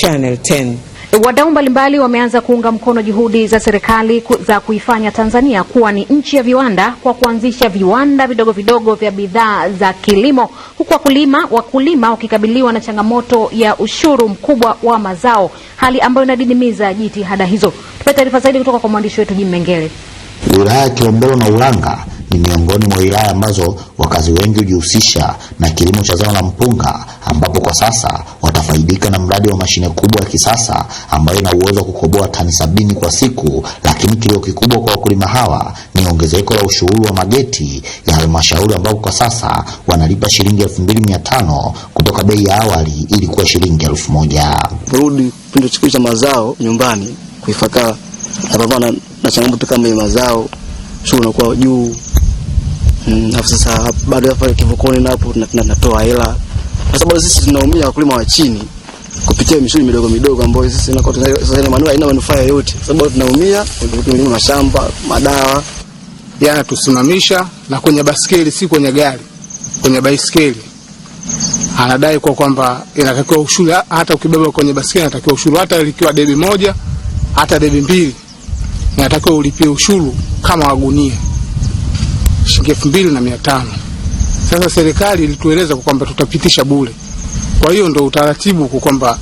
Channel 10. Wadau mbalimbali wameanza kuunga mkono juhudi za serikali za kuifanya Tanzania kuwa ni nchi ya viwanda kwa kuanzisha viwanda vidogo vidogo vya bidhaa za kilimo, huku wakulima wakulima wakikabiliwa na changamoto ya ushuru mkubwa wa mazao, hali ambayo inadidimiza jitihada hizo. Tupate taarifa zaidi kutoka kwa mwandishi wetu Jim Mengele. Wilaya ya Kilombero na Ulanga ni miongoni mwa wilaya ambazo wakazi wengi hujihusisha na kilimo cha zao la mpunga, ambapo kwa sasa watafaidika na mradi wa mashine kubwa ya kisasa ambayo ina uwezo wa kukoboa tani sabini kwa siku. Lakini kilio kikubwa kwa wakulima hawa ni ongezeko la ushuru wa mageti ya halmashauri, ambapo kwa sasa wanalipa shilingi elfu mbili mia tano kutoka bei ya awali ilikuwa shilingi elfu moja. Kurudi pindi chukua mazao nyumbani kuifakara na changamoto kama mazao, ushuru unakuwa juu Mm, alafu sasa bado hapa kivukoni na hapo tunatoa hela. Kwa sababu sisi tunaumia wakulima wa chini kupitia mishuni midogo midogo ambayo sisi inakuwa sasa ile manufaa haina manufaa yoyote. kwa Sababu tunaumia kulipa mashamba, madawa. Yana tusimamisha na kwenye basikeli si kwenye gari. Kwenye baisikeli. Anadai kwa kwamba inatakiwa ushuru hata ukibeba kwenye basikeli inatakiwa ushuru hata likiwa debi moja hata debi mbili. Inatakiwa ulipie ushuru kama wagunia shilingi elfu mbili na mia tano. Sasa serikali ilitueleza kwamba tutapitisha bure, kwa hiyo ndo utaratibu kwamba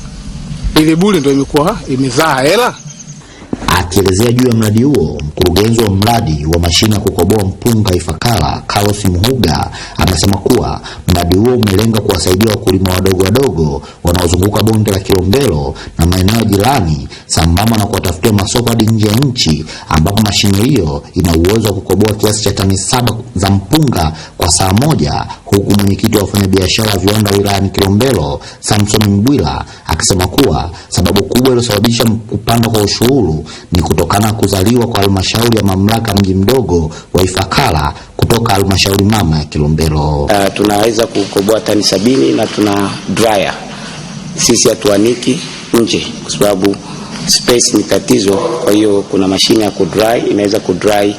ile bure ndo imekuwa imezaa hela Akielezea juu ya mradi huo, mkurugenzi wa mradi wa mashine ya kukoboa mpunga Ifakara, Carlos Mhuga, amesema kuwa mradi huo umelenga kuwasaidia wakulima wadogo wadogo wanaozunguka bonde la Kilombero na maeneo jirani, sambamba na kuwatafutia masoko hadi nje ya nchi, ambapo mashine hiyo ina uwezo wa kukoboa kiasi cha tani saba za mpunga kwa saa moja, huku mwenyekiti wa wafanyabiashara wa viwanda wilayani Kilombero, Samson Mbwila akisema kuwa sababu kubwa iliyosababisha kupanda kwa ushuru ni kutokana na kuzaliwa kwa halmashauri ya mamlaka mji mdogo wa Ifakara kutoka halmashauri mama ya Kilombero. Uh, tunaweza kukoboa tani sabini na tuna dryer sisi hatuaniki nje kwa sababu space ni tatizo. Kwa hiyo kuna mashine ya kudry inaweza kudry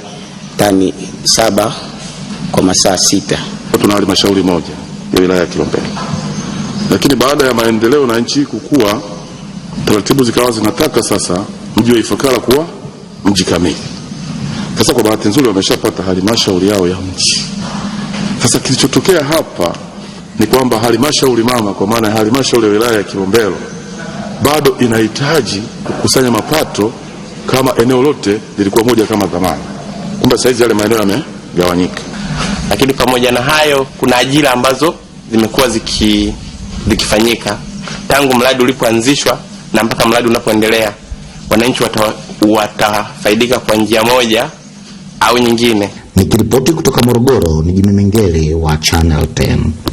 tani saba kwa masaa sita. Tuna halmashauri moja ya wilaya ya Kilombero. Lakini baada ya maendeleo na nchi kukua, taratibu zikawa zinataka sasa mji wa Ifakara kuwa mji kamili. Sasa kwa bahati nzuri wameshapata halmashauri yao ya mji. Sasa kilichotokea hapa ni kwamba halmashauri mama, kwa maana ya halmashauri ya wilaya ya Kilombero, bado inahitaji kukusanya mapato kama eneo lote lilikuwa moja kama zamani. Kumbe saizi yale maeneo yamegawanyika. Lakini pamoja na hayo, kuna ajira ambazo zimekuwa ziki vikifanyika tangu mradi ulipoanzishwa na mpaka mradi unapoendelea, wananchi watafaidika wata kwa njia moja au nyingine. Nikiripoti kutoka Morogoro ni Jimmy Mengele wa Channel 10.